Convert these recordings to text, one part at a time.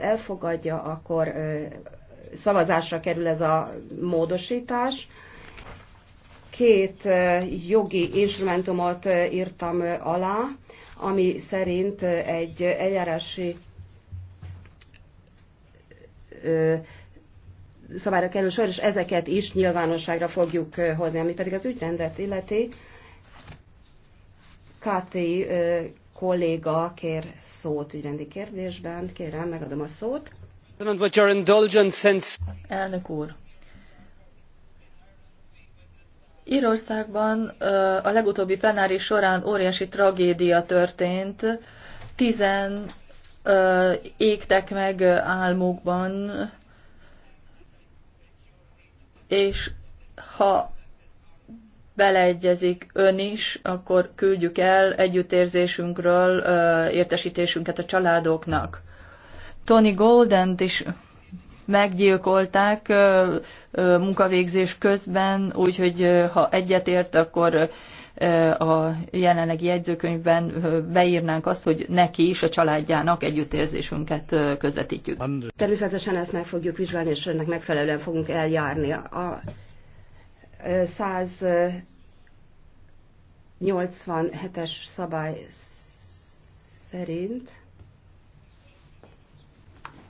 elfogadja, akkor szavazásra kerül ez a módosítás. Két jogi instrumentumot írtam alá, ami szerint egy eljárási szabályra kerül sor, és ezeket is nyilvánosságra fogjuk hozni, ami pedig az ügyrendet illeti. KT kolléga kér szót ügyrendi kérdésben. Kérem, megadom a szót. Elnök úr, Írországban a legutóbbi plenáris során óriási tragédia történt. Tizen égtek meg álmukban, és ha beleegyezik ön is, akkor küldjük el együttérzésünkről értesítésünket a családoknak. Tony Goldent is meggyilkolták munkavégzés közben, úgyhogy ha egyetért, akkor a jelenlegi jegyzőkönyvben beírnánk azt, hogy neki is, a családjának együttérzésünket közvetítjük. Természetesen ezt meg fogjuk vizsgálni, és ennek megfelelően fogunk eljárni. A 187-es szabály szerint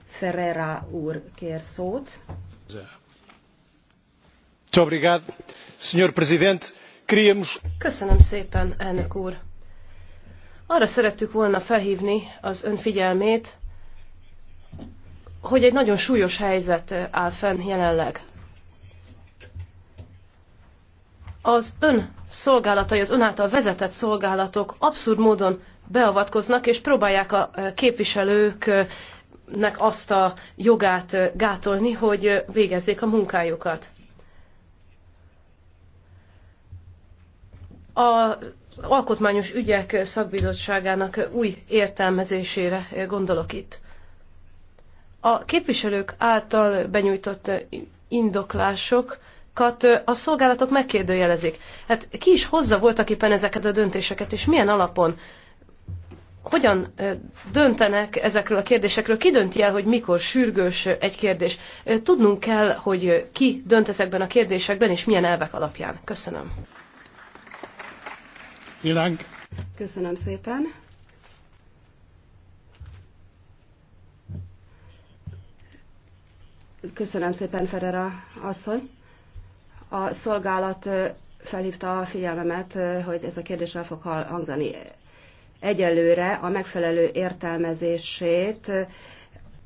Ferrera úr kér szót. Köszönöm szépen, elnök úr. Arra szerettük volna felhívni az ön figyelmét, hogy egy nagyon súlyos helyzet áll fenn jelenleg. az ön szolgálatai, az ön által vezetett szolgálatok abszurd módon beavatkoznak, és próbálják a képviselőknek azt a jogát gátolni, hogy végezzék a munkájukat. A Alkotmányos Ügyek Szakbizottságának új értelmezésére gondolok itt. A képviselők által benyújtott indoklások döntéseket a szolgálatok megkérdőjelezik. Hát ki is hozza voltak éppen ezeket a döntéseket, és milyen alapon? Hogyan döntenek ezekről a kérdésekről? Ki dönti el, hogy mikor sürgős egy kérdés? Tudnunk kell, hogy ki dönt ezekben a kérdésekben, és milyen elvek alapján. Köszönöm. Világ. Köszönöm szépen. Köszönöm szépen, Ferera asszony. A szolgálat felhívta a figyelmemet, hogy ez a kérdés el fog hangzani egyelőre a megfelelő értelmezését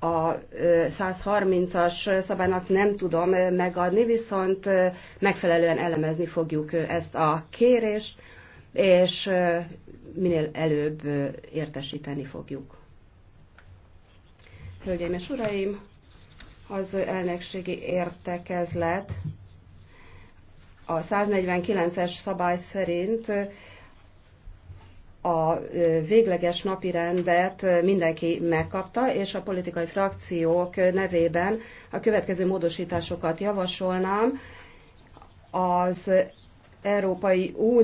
a 130-as szabálynak nem tudom megadni, viszont megfelelően elemezni fogjuk ezt a kérést, és minél előbb értesíteni fogjuk. Hölgyeim és Uraim, az elnökségi értekezlet a 149-es szabály szerint a végleges napi rendet mindenki megkapta, és a politikai frakciók nevében a következő módosításokat javasolnám. Az Európai Unió